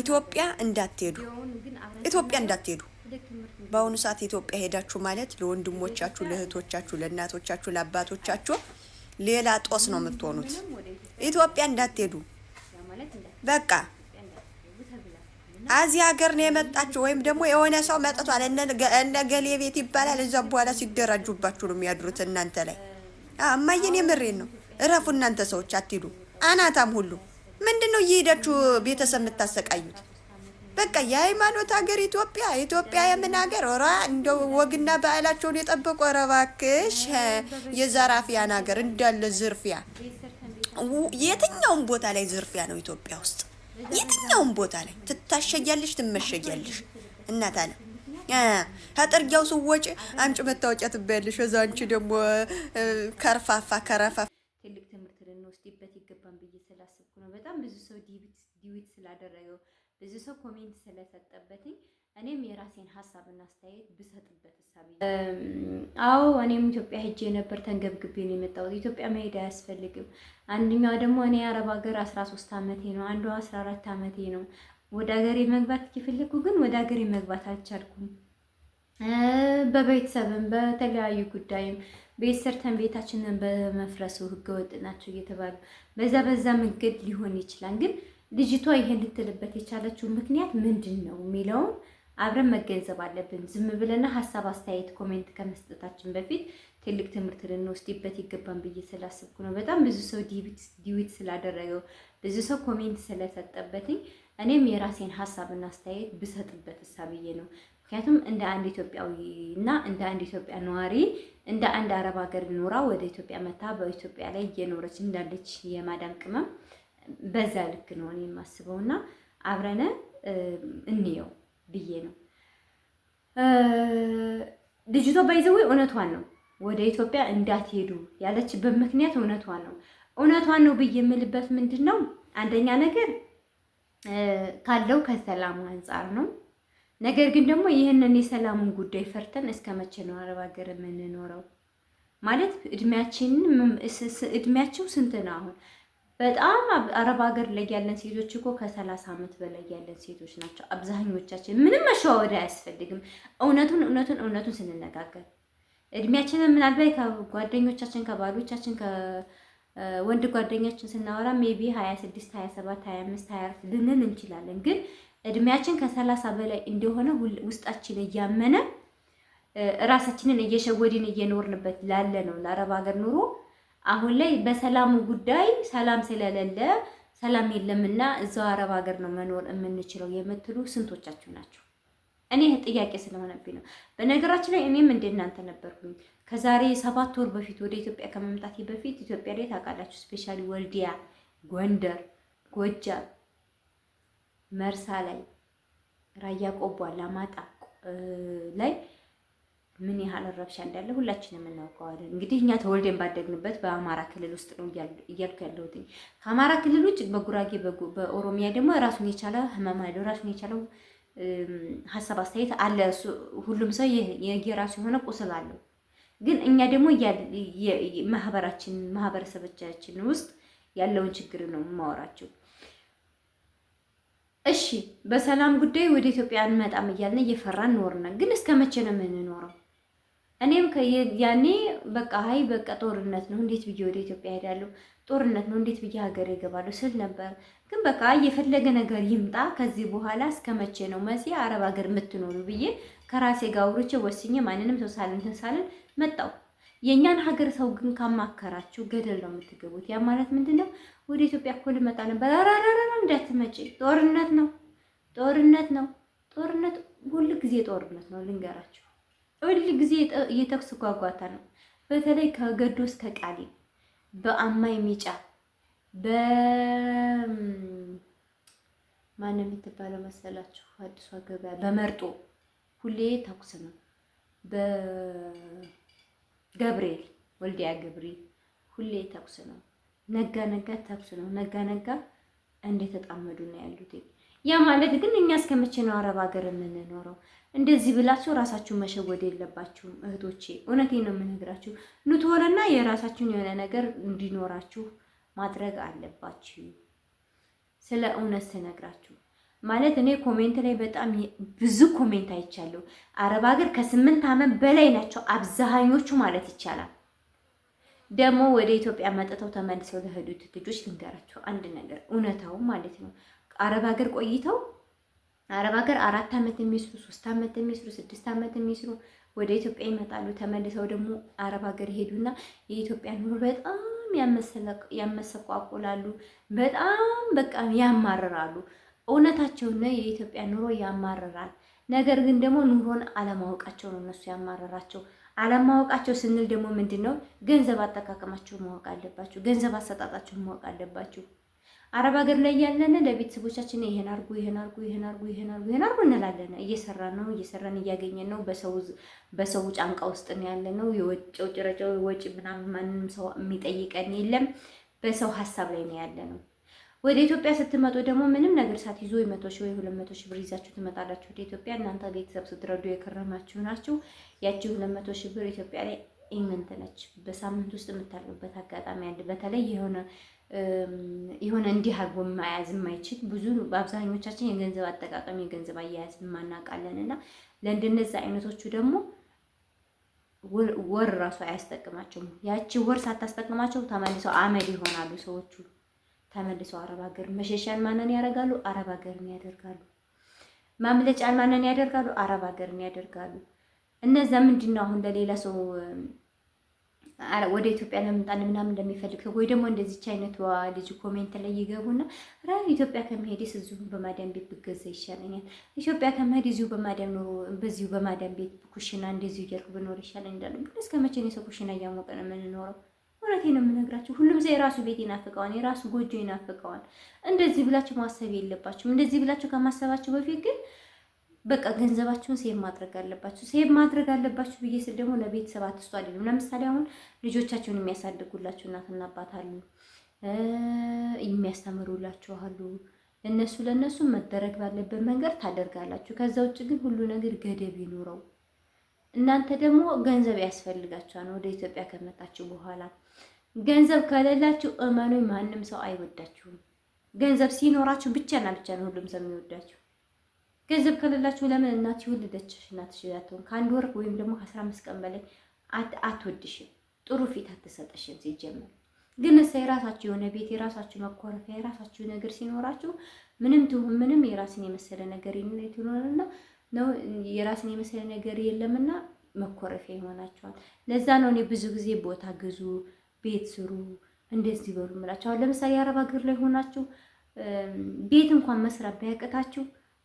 ኢትዮጵያ እንዳትሄዱ፣ ኢትዮጵያ እንዳትሄዱ። በአሁኑ ሰዓት ኢትዮጵያ ሄዳችሁ ማለት ለወንድሞቻችሁ፣ ለእህቶቻችሁ፣ ለእናቶቻችሁ፣ ለአባቶቻችሁ ሌላ ጦስ ነው የምትሆኑት። ኢትዮጵያ እንዳትሄዱ። በቃ አዚህ ሀገር ነው የመጣችሁ ወይም ደግሞ የሆነ ሰው መጥቷል፣ እነ ገሌ ቤት ይባላል። እዛ በኋላ ሲደራጁባችሁ ነው የሚያድሩት እናንተ ላይ። እማዬን የምሬን ነው። እረፉ እናንተ ሰዎች፣ አትሄዱ አናታም ሁሉ ምንድን ነው እየሄዳችሁ ቤተሰብ የምታሰቃዩት? በቃ የሃይማኖት ሀገር ኢትዮጵያ ኢትዮጵያ የምን ሀገር ራ እንደ ወግና ባህላቸውን የጠበቁ ረባክሽ የዘራፊያን ሀገር እንዳለ ዝርፊያ፣ የትኛውም ቦታ ላይ ዝርፊያ ነው ኢትዮጵያ ውስጥ የትኛውም ቦታ ላይ ትታሸጊያለሽ፣ ትመሸጊያለሽ። እናታ ነው ከጥርጊያው ስወጪ አንጭ መታወቂያ ትበያለሽ። እዛ አንቺ ደግሞ ከርፋፋ ከረፋፋ ሰው ዲዊት ስላደረገው ብዙ ሰው ኮሜንት ስለሰጠበትኝ እኔም የራሴን ሀሳብና አስተያየት ብሰጥበት ሀሳብ። አዎ እኔም ኢትዮጵያ ሄጄ የነበር ተንገብግቤ ነው የመጣሁት። ኢትዮጵያ መሄድ አያስፈልግም። አንደኛው ደግሞ እኔ አረብ ሀገር አስራ ሶስት አመቴ ነው፣ አንዷ አስራ አራት አመቴ ነው። ወደ ሀገሬ መግባት ከፈለኩ ግን ወደ ሀገሬ መግባት አልቻልኩም። በቤተሰብም በተለያዩ ጉዳይም ቤት ሰርተን ቤታችንን በመፍረሱ ህገወጥ ናቸው እየተባሉ በዛ በዛ መንገድ ሊሆን ይችላል። ግን ልጅቷ ይሄን ልትልበት የቻለችው ምክንያት ምንድን ነው የሚለውን አብረን መገንዘብ አለብን። ዝም ብለና ሀሳብ አስተያየት፣ ኮሜንት ከመስጠታችን በፊት ትልቅ ትምህርት ልንወስድበት ይገባን ብዬ ስላስብኩ ነው። በጣም ብዙ ሰው ዲዊት ስላደረገው ብዙ ሰው ኮሜንት ስለሰጠበትኝ እኔም የራሴን ሀሳብና አስተያየት ብሰጥበት እሳ ብዬ ነው። ምክንያቱም እንደ አንድ ኢትዮጵያዊ እና እንደ አንድ ኢትዮጵያ ነዋሪ እንደ አንድ አረብ ሀገር ኖራ ወደ ኢትዮጵያ መታ በኢትዮጵያ ላይ እየኖረች እንዳለች የማዳም ቅመም በዛ ልክ ነው እኔ የማስበው እና አብረነ እንየው ብዬ ነው። ልጅቷ ባይዘዌ እውነቷን ነው ወደ ኢትዮጵያ እንዳትሄዱ ያለችበት ምክንያት እውነቷን ነው። እውነቷን ነው ብዬ የምልበት ምንድን ነው አንደኛ ነገር ካለው ከሰላሙ አንጻር ነው። ነገር ግን ደግሞ ይህንን የሰላሙን ጉዳይ ፈርተን እስከ መቼ ነው አረብ ሀገር የምንኖረው? ማለት እድሜያችንን እድሜያቸው ስንት ነው አሁን? በጣም አረብ ሀገር ላይ ያለን ሴቶች እኮ ከሰላሳ ዓመት በላይ ያለን ሴቶች ናቸው አብዛኞቻችን። ምንም መሸዋወድ አያስፈልግም። እውነቱን እውነቱን እውነቱን ስንነጋገር እድሜያችንን ምናልባት ከጓደኞቻችን ከባሎቻችን ከወንድ ጓደኛችን ስናወራ ሜቢ 26 27 25 24 ልንል እንችላለን ግን እድሜያችን ከሰላሳ በላይ እንደሆነ ውስጣችን እያመነ ራሳችንን እየሸወድን እየኖርንበት ላለ ነው ለአረብ ሀገር ኑሮ አሁን ላይ በሰላሙ ጉዳይ ሰላም ስለሌለ ሰላም የለምና እዛው አረብ ሀገር ነው መኖር የምንችለው የምትሉ ስንቶቻችሁ ናቸው? እኔ ጥያቄ ስለሆነብኝ ነው። በነገራችን ላይ እኔም እናንተ ነበርኩኝ። ከዛሬ ሰባት ወር በፊት ወደ ኢትዮጵያ ከመምጣቴ በፊት ኢትዮጵያ ላይ ታውቃላችሁ፣ ስፔሻሊ ወልዲያ፣ ጎንደር፣ ጎጃም መርሳ ላይ፣ ራያ ቆቦ፣ አላማጣ ላይ ምን ያህል ረብሻ እንዳለ ሁላችንም እናውቀዋለን። እንግዲህ እኛ ተወልደን ባደግንበት በአማራ ክልል ውስጥ ነው እያልኩ ያለሁት። ከአማራ ክልል ውጭ በጉራጌ በኦሮሚያ ደግሞ ራሱን የቻለ ህመም አለው። ራሱን የቻለው ሀሳብ አስተያየት አለ። ሁሉም ሰው የራሱ የሆነ ቁስል አለው። ግን እኛ ደግሞ ማህበራችን ማህበረሰቦቻችን ውስጥ ያለውን ችግር ነው የማወራቸው። እሺ በሰላም ጉዳይ ወደ ኢትዮጵያ እንመጣም እያልን እየፈራን ኖርነ። ግን እስከ መቼ ነው የምንኖረው? እኔም ያኔ በቃ ሀይ በቃ ጦርነት ነው እንዴት ብዬ ወደ ኢትዮጵያ ሄዳለሁ? ጦርነት ነው እንዴት ብዬ ሀገር ይገባለሁ ስል ነበር። ግን በቃ የፈለገ ነገር ይምጣ ከዚህ በኋላ እስከ መቼ ነው መሲ አረብ ሀገር የምትኖሩ ብዬ ከራሴ ጋር አውርቼ ወስኜ ማንንም ሰው ሳልንትን ሳልን የእኛን ሀገር ሰው ግን ካማከራችሁ ገደል ነው የምትገቡት። ያ ማለት ምንድን ነው? ወደ ኢትዮጵያ እኮ ልመጣ ነበር። አራራራ እንዳትመጪ፣ ጦርነት ነው፣ ጦርነት ነው፣ ጦርነት ሁል ጊዜ ጦርነት ነው። ልንገራችሁ፣ ሁል ጊዜ የተኩስ ጓጓታ ነው። በተለይ ከገዶ እስከ ቃሌ በአማይ ሚጫ በማንም የምትባለው መሰላችሁ አዲሷ ገበያ በመርጦ ሁሌ ተኩስ ነው። ገብርኤል ወልዲያ ግብሪ ሁሌ ተኩስ ነው። ነጋ ነጋ ተኩስ ነው። ነጋ ነጋ እንደተጣመዱ ነው ያሉት። ያ ማለት ግን እኛ እስከመቼ ነው አረብ ሀገር የምንኖረው? እንደዚህ ብላችሁ ራሳችሁን መሸወድ የለባችሁም እህቶቼ። እውነቴን ነው የምነግራችሁ። ኑትሆነና የራሳችሁን የሆነ ነገር እንዲኖራችሁ ማድረግ አለባችሁ። ስለ እውነት ስነግራችሁ ማለት እኔ ኮሜንት ላይ በጣም ብዙ ኮሜንት አይቻለሁ። አረብ ሀገር ከስምንት ዓመት በላይ ናቸው አብዛኞቹ ማለት ይቻላል። ደግሞ ወደ ኢትዮጵያ መጥተው ተመልሰው ለሄዱት ልጆች ልንገራቸው አንድ ነገር እውነታው ማለት ነው። አረብ ሀገር ቆይተው አረብ ሀገር አራት ዓመት የሚስሩ ሶስት ዓመት የሚስሩ ስድስት ዓመት የሚስሩ ወደ ኢትዮጵያ ይመጣሉ። ተመልሰው ደግሞ አረብ ሀገር ይሄዱና የኢትዮጵያ ኑሮ በጣም ያመሰቋቁላሉ። በጣም በቃ ያማርራሉ። እውነታቸው ነው። የኢትዮጵያ ኑሮ ያማርራል። ነገር ግን ደግሞ ኑሮን አለማወቃቸው ነው እነሱ ያማረራቸው። አለማወቃቸው ስንል ደግሞ ምንድን ነው? ገንዘብ አጠቃቀማችሁ ማወቅ አለባችሁ። ገንዘብ አሰጣጣችሁ ማወቅ አለባችሁ። አረብ ሀገር ላይ ያለን ለቤተሰቦቻችን ይሄን አርጉ፣ ይሄን አርጉ፣ ይሄን አርጉ፣ ይሄን አርጉ፣ ይሄን አርጉ እንላለን። እየሰራን ነው፣ እየሰራን እያገኘን ነው። በሰው በሰው ጫንቃ ውስጥ ነው ያለ ነው። የወጪው ጭረጨው ወጪ ምናምን ማንም ሰው የሚጠይቀን የለም። በሰው ሀሳብ ላይ ነው ያለ ነው። ወደ ኢትዮጵያ ስትመጡ ደግሞ ምንም ነገር ሳትይዙ የመቶ ሺህ ወይ ሁለት መቶ ሺህ ብር ይዛችሁ ትመጣላችሁ ወደ ኢትዮጵያ። እናንተ ቤተሰብ ስትረዱ የከረማችሁ ናችሁ። ያቺ ሁለት መቶ ሺህ ብር ኢትዮጵያ ላይ ኢመንት ነች። በሳምንት ውስጥ የምታልፉበት አጋጣሚ አለ። በተለይ የሆነ የሆነ እንዲህ አድርጎ መያዝ የማይችል ብዙ በአብዛኞቻችን የገንዘብ አጠቃቀም የገንዘብ አያያዝ የማናውቃለን እና አይነቶቹ ደግሞ ወር ራሱ አያስጠቅማቸውም። ያቺ ወር ሳታስጠቅማቸው ተመልሰው አመድ ይሆናሉ ሰዎቹ። ተመልሶ አረብ ሀገር መሸሻን ማንን ያደርጋሉ? አረብ ሀገርን ያደርጋሉ። ማምለጫን ማንን ያደርጋሉ? አረብ ሀገርን ያደርጋሉ። እነዛ ምንድን ነው አሁን ለሌላ ሰው ወደ ኢትዮጵያ ለመምጣት ምናምን እንደሚፈልግ ወይ ደግሞ እንደዚች አይነቷ ልጅ ኮሜንት ላይ ይገቡና ራ ኢትዮጵያ ከመሄድ እዚሁ በማዳም ቤት ብገዛ ይሻለኛል፣ ኢትዮጵያ ከመሄድ እዚሁ በማዳም ኑሮ በዚሁ በማዳም ቤት ኩሽና እንደዚሁ እያልኩ ብኖር ይሻለኛል እንዳሉ። እስከ መቼ ነው የሰው ኩሽና እያሞቀ ነው የምንኖረው? እውነቴ ነው የምነግራቸው። ሁሉም ሰው የራሱ ቤት ይናፍቀዋል፣ የራሱ ጎጆ ይናፍቀዋል። እንደዚህ ብላችሁ ማሰብ የለባችሁም። እንደዚህ ብላችሁ ከማሰባችሁ በፊት ግን በቃ ገንዘባችሁን ሴብ ማድረግ አለባችሁ። ሴብ ማድረግ አለባችሁ ብዬ ስል ደግሞ ለቤተሰብ አትስጡ አይደለም። ለምሳሌ አሁን ልጆቻችሁን የሚያሳድጉላችሁ እናትና አባት አሉ፣ የሚያስተምሩላችሁ አሉ። እነሱ ለእነሱ መደረግ ባለበት መንገድ ታደርጋላችሁ። ከዛ ውጭ ግን ሁሉ ነገር ገደብ ይኑረው። እናንተ ደግሞ ገንዘብ ያስፈልጋችኋል ወደ ኢትዮጵያ ከመጣችሁ በኋላ ገንዘብ ከሌላችሁ እመኑ፣ ማንም ሰው አይወዳችሁም። ገንዘብ ሲኖራችሁ ብቻና ብቻ ነው ሁሉም ሰው የሚወዳችሁ። ገንዘብ ከሌላችሁ ለምን እናት ወለደችሽ፣ እናት አትሆን ከአንድ ወር ወይም ደግሞ ከአስራ አምስት ቀን በላይ አትወድሽም፣ ጥሩ ፊት አትሰጠሽም። ሲጀምር ግን እሳ የራሳችሁ የሆነ ቤት የራሳችሁ መኮረፊያ የራሳችሁ ነገር ሲኖራችሁ ምንም ትሁን ምንም የራስን የመሰለ ነገር ትኖርና ነው የራስን የመሰለ ነገር የለምና መኮረፊያ ይሆናችኋል። ለዛ ነው እኔ ብዙ ጊዜ ቦታ ግዙ ቤት ስሩ፣ እንደዚህ በሉ የምላቸው። አሁን ለምሳሌ አረብ ሀገር ላይ ሆናችሁ ቤት እንኳን መስራት ባያቀታችሁ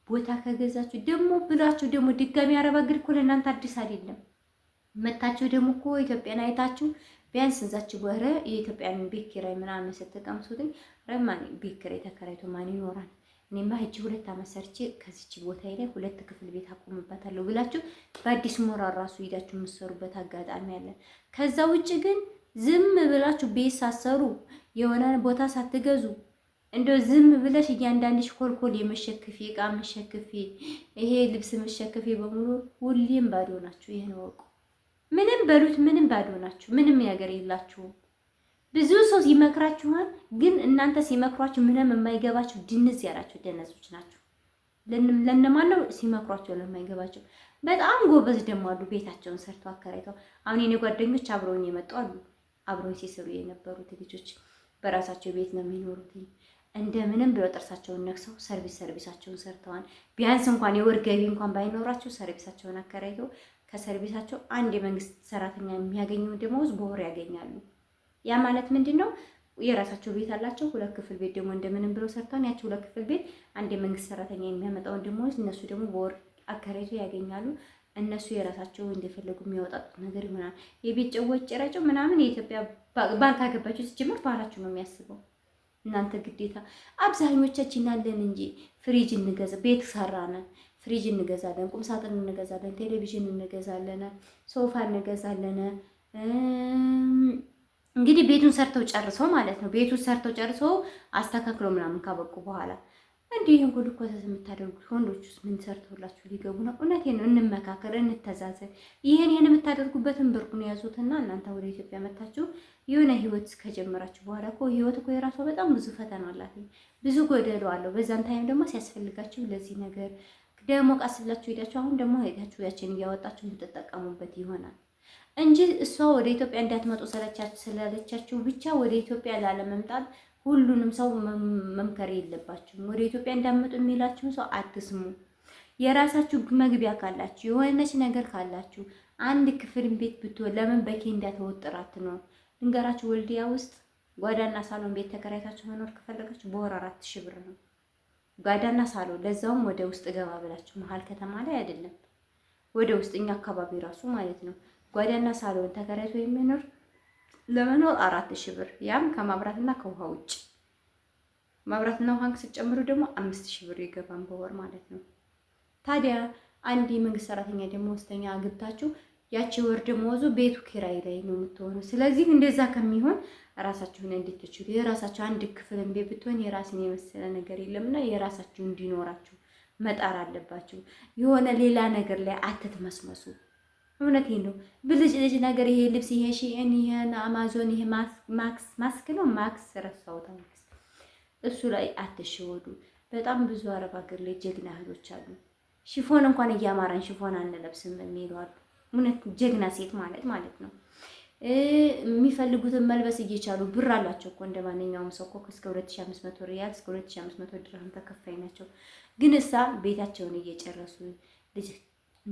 ቦታ ከገዛችሁ ደግሞ ብላችሁ ደግሞ ድጋሚ አረብ ሀገር እኮ ለእናንተ አዲስ አይደለም። መታችሁ ደግሞ እኮ ኢትዮጵያን አይታችሁ ቢያንስ እዛችሁ በረ የኢትዮጵያን ቤት ኪራይ ምናምን ስትቀምሱትኝ ረማን ቤት ኪራይ ተከራይቶ ማን ይኖራል? እኔማ ሂጅ ሁለት አመት ሰርቼ ከዚች ቦታ ላይ ሁለት ክፍል ቤት አቆምበታለሁ ብላችሁ በአዲስ ሞራል ራሱ ሂዳችሁ የምትሰሩበት አጋጣሚ አለን። ከዛ ውጭ ግን ዝም ብላችሁ ቤት የሆነ ቦታ ሳትገዙ እንደ ዝም ብለሽ እያንዳንድሽ ኮልኮል የመሸክፊ እቃ መሸክፊ ይሄ ልብስ መሸክፊ በሙሉ ሁሌም ባዶ ናችሁ። ይህን ወቁ። ምንም በሉት ምንም ባዶ ናችሁ። ምንም ነገር የላችሁም። ብዙ ሰው ይመክራችኋል፣ ግን እናንተ ሲመክሯችሁ ምንም የማይገባችሁ ድንዝ ያላችሁ ደነዞች ናችሁ። ለእነማን ነው ሲመክሯቸው ለማይገባቸው? በጣም ጎበዝ ደግሞ አሉ። ቤታቸውን ሰርተው አከራይተው አሁን የኔ ጓደኞች አብረውን የመጡ አሉ። አብረው ሲሰሩ የነበሩት ልጆች በራሳቸው ቤት ነው የሚኖሩት። እንደምንም ብለው ጥርሳቸውን ነክሰው ሰርቪስ ሰርቪሳቸውን ሰርተዋል። ቢያንስ እንኳን የወር ገቢ እንኳን ባይኖራቸው ሰርቪሳቸውን አከራይተው ከሰርቪሳቸው አንድ የመንግስት ሰራተኛ የሚያገኘው ደሞዝ በወር ያገኛሉ። ያ ማለት ምንድን ነው? የራሳቸው ቤት አላቸው። ሁለት ክፍል ቤት ደግሞ እንደምንም ብለው ሰርተዋል። ያቸው ሁለት ክፍል ቤት አንድ የመንግስት ሰራተኛ የሚያመጣውን ደሞዝ እነሱ ደግሞ በወር አከራይቶ ያገኛሉ። እነሱ የራሳቸው እንደፈለጉ የሚያወጣጡት ነገር ይሆናል። የቤት ጨዎች ጭረጨው ምናምን የኢትዮጵያ ባልካ ገባችሁ ሲጀምር ባህላችሁ ነው የሚያስበው። እናንተ ግዴታ አብዛኞቻችን ያለን እንጂ ፍሪጅ እንገዛ ቤት ሰራነ ፍሪጅ እንገዛለን፣ ቁም ሳጥን እንገዛለን፣ ቴሌቪዥን እንገዛለን፣ ሶፋ እንገዛለን። እንግዲህ ቤቱን ሰርተው ጨርሰው ማለት ነው ቤቱን ሰርተው ጨርሰው አስተካክሎ ምናምን ካበቁ በኋላ እንዲህ ይህን ሁሉ ኮተት የምታደርጉት ወንዶች ውስጥ ምን ሰርተውላችሁ ሊገቡ ነው? እውነቴን እንመካከል፣ እንተዛዘን። ይህን ይህን የምታደርጉበትን ብርቁን ያዙትና እናንተ ወደ ኢትዮጵያ መታችሁ የሆነ ህይወት ከጀመራችሁ በኋላ እኮ ህይወት እኮ የራሷ በጣም ብዙ ፈተና አላት፣ ብዙ ጎደሎ አለው። በዛን ታይም ደግሞ ሲያስፈልጋችሁ ለዚህ ነገር ደግሞ ቃስላችሁ ሄዳችሁ አሁን ደግሞ ሄዳችሁ ያችን እያወጣችሁ የምትጠቀሙበት ይሆናል። እንጂ እሷ ወደ ኢትዮጵያ እንዳትመጡ ስላለቻችሁ ብቻ ወደ ኢትዮጵያ ላለመምጣት ሁሉንም ሰው መምከር የለባችሁም። ወደ ኢትዮጵያ እንዳትመጡ የሚላችሁን ሰው አትስሙ። የራሳችሁ መግቢያ ካላችሁ የሆነች ነገር ካላችሁ አንድ ክፍል ቤት ብትሆን ለምን በኬንዳ እንዳትወጥራት ነው? ልንገራችሁ፣ ወልዲያ ውስጥ ጓዳና ሳሎን ቤት ተከራይታችሁ መኖር ከፈለጋችሁ በወር አራት ሺህ ብር ነው። ጓዳና ሳሎን፣ ለዛውም ወደ ውስጥ ገባ ብላችሁ መሀል ከተማ ላይ አይደለም፣ ወደ ውስጥ እኛ አካባቢ ራሱ ማለት ነው። ጓዳና ሳሎን ተከራይቶ የሚኖር ለመኖር አራት ሺህ ብር ያም ከማብራትና ከውሃ ውጭ ማብራትና ውሃን ስትጨምሩ ደግሞ አምስት ሺህ ብር ይገባን በወር ማለት ነው። ታዲያ አንድ የመንግስት ሰራተኛ ወስተኛ አግብታችሁ ያቺ ወር ደመወዙ ቤቱ ኪራይ ላይ ነው የምትሆነው። ስለዚህ እንደዛ ከሚሆን ራሳችሁን እንዴት ትችሉ? የራሳችሁ አንድ ክፍል ቤት ብትሆን የራስን የመሰለ ነገር የለምና የራሳችሁ እንዲኖራችሁ መጣር አለባችሁ። የሆነ ሌላ ነገር ላይ አትትመስመሱ። እውነት ነው። ብልጭ ልጅ ነገር ይሄ ልብስ ይሄ ሺኤን ይሄን አማዞን ይሄ ማክስ ማስክ ነው ማክስ ረሳውታ ማክስ እሱ ላይ አትሸወዱ። በጣም ብዙ አረብ ሀገር ላይ ጀግና እህቶች አሉ። ሽፎን እንኳን እያማረን ሽፎን አንለብስም የሚሉ አሉ። እውነት ጀግና ሴት ማለት ማለት ነው። የሚፈልጉትን መልበስ እየቻሉ ብር አላቸው እኮ እንደ ማንኛውም ሰው እኮ እስከ 2500 ሪያል እስከ 2500 ድርሃም ተከፋይ ናቸው። ግን እሳ ቤታቸውን እየጨረሱ ልጅ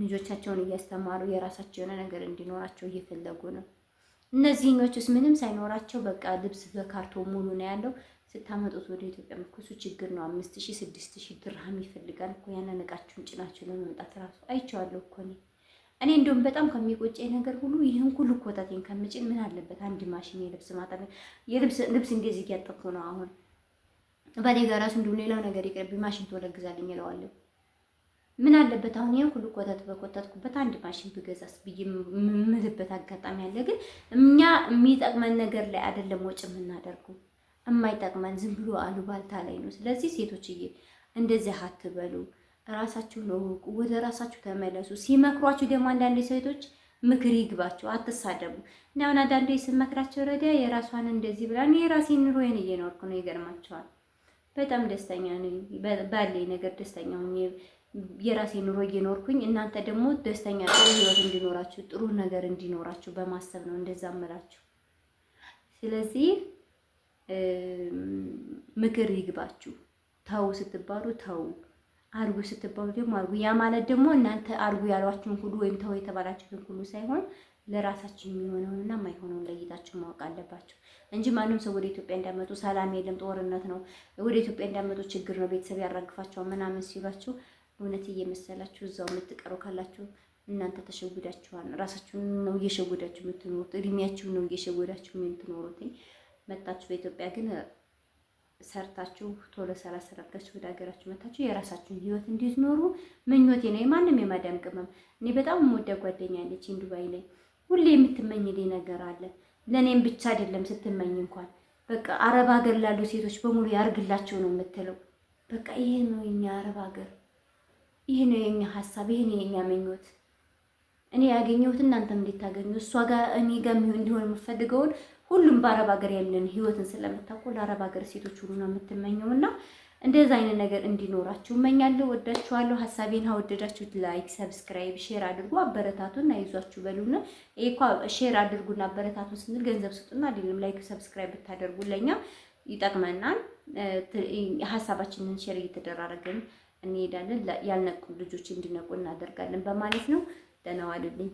ልጆቻቸውን እያስተማሩ የራሳቸው የሆነ ነገር እንዲኖራቸው እየፈለጉ ነው። እነዚህኞቹስ ምንም ሳይኖራቸው በቃ ልብስ በካርቶን ሙሉ ነው ያለው። ስታመጡት ወደ ኢትዮጵያ ምኮሱ ችግር ነው። አምስት ሺ ስድስት ሺ ድርሃም ይፈልጋል እኮ ያንን እቃችሁን ጭናችሁ ለመምጣት ራሱ አይቼዋለሁ እኮ እኔ እኔ እንደውም በጣም ከሚቆጨኝ ነገር ሁሉ ይህን ሁሉ ኮታቴን ከምጭን ምን አለበት አንድ ማሽን የልብስ ማጠቢያ የልብስ ልብስ እንደዚህ እያጠብኩ ነው አሁን ባሌ ጋር ራሱ እንዲሁም ሌላው ነገር ይቅርብ ማሽን ትወለግዛልኝ ይለዋለሁ። ምን አለበት አሁን ይሄን ሁሉ ኮተት በኮተትኩበት አንድ ማሽን ብገዛስ ብዬ የምልበት አጋጣሚ አለ። ግን እኛ የሚጠቅመን ነገር ላይ አይደለም ወጭ የምናደርገው የማይጠቅመን ዝም ብሎ አሉባልታ ላይ ነው። ስለዚህ ሴቶችዬ እንደዚህ አትበሉ፣ ራሳችሁን እወቁ፣ ወደ ራሳችሁ ተመለሱ። ሲመክሯችሁ ደግሞ አንዳንድ ሴቶች ምክር ይግባቸው አትሳደቡ። እና አሁን ስመክራቸው ረዳ የራሷን እንደዚህ ብላ እኔ የራሴን ኑሮዬን እየኖርኩ ነው። ይገርማቸዋል። በጣም ደስተኛ ነኝ፣ ባለኝ ነገር ደስተኛ ሁኜ የራሴ ኑሮ እየኖርኩኝ እናንተ ደግሞ ደስተኛ ጥሩ ህይወት እንዲኖራችሁ ጥሩ ነገር እንዲኖራችሁ በማሰብ ነው እንደዛ እምላችሁ። ስለዚህ ምክር ይግባችሁ። ተው ስትባሉ ተው፣ አርጉ ስትባሉ ደግሞ አርጉ። ያ ማለት ደግሞ እናንተ አርጉ ያሏችሁን ሁሉ ወይም ተው የተባላችሁትን ሁሉ ሳይሆን ለራሳችሁ የሚሆነውንና የማይሆነውን ለይታችሁ ማወቅ አለባችሁ እንጂ ማንም ሰው ወደ ኢትዮጵያ እንዳመጡ ሰላም የለም ጦርነት ነው፣ ወደ ኢትዮጵያ እንዳመጡ ችግር ነው፣ ቤተሰብ ያራግፋቸዋል ምናምን ሲሏችሁ እውነት እየመሰላችሁ እዛው የምትቀሩ ካላችሁ እናንተ ተሸጉዳችኋል። ራሳችሁን ነው እየሸጉዳችሁ የምትኖሩት፣ እድሜያችሁን ነው እየሸጉዳችሁ የምትኖሩት። መጣችሁ በኢትዮጵያ ግን ሰርታችሁ ቶሎ ሰላ ረጋችሁ ወደ ሀገራችሁ መታችሁ የራሳችሁን ህይወት እንዲኖሩ ምኞቴ ነው። የማንም የማዳም ቅመም እኔ በጣም የምወዳ ጓደኛ አለች ዱባይ ላይ ሁሌ የምትመኝልኝ ነገር አለ። ለእኔም ብቻ አይደለም ስትመኝ እንኳን በቃ አረብ ሀገር ላሉ ሴቶች በሙሉ ያርግላቸው ነው የምትለው። በቃ ይሄ ነው የኛ አረብ ሀገር ይህ ነው የኛ ሀሳብ፣ ይህ ነው የኛ ምኞት። እኔ ያገኘሁት እናንተም እንድታገኙ እሷ ጋር እኔ ጋር እንዲሆን የምፈልገውን ሁሉም በአረብ ሀገር ያለን ህይወትን ስለምታውቁ ለአረብ ሀገር ሴቶች ሁሉ ነው የምትመኘው እና እንደዛ አይነት ነገር እንዲኖራችሁ እመኛለሁ። ወዳችኋለሁ። ሀሳቤን አወደዳችሁት ላይክ፣ ሰብስክራይብ፣ ሼር አድርጉ። አበረታቱን፣ አይዟችሁ በሉን። ይሄ ሼር አድርጉና አበረታቱን ስንል ገንዘብ ስጡና አይደለም። ላይክ፣ ሰብስክራይብ ብታደርጉ ለእኛ ይጠቅመናል። ሀሳባችንን ሼር እየተደራረግን እንሄዳለን። ያልነቁ ልጆች እንዲነቁ እናደርጋለን በማለት ነው። ደህና ዋሉልኝ።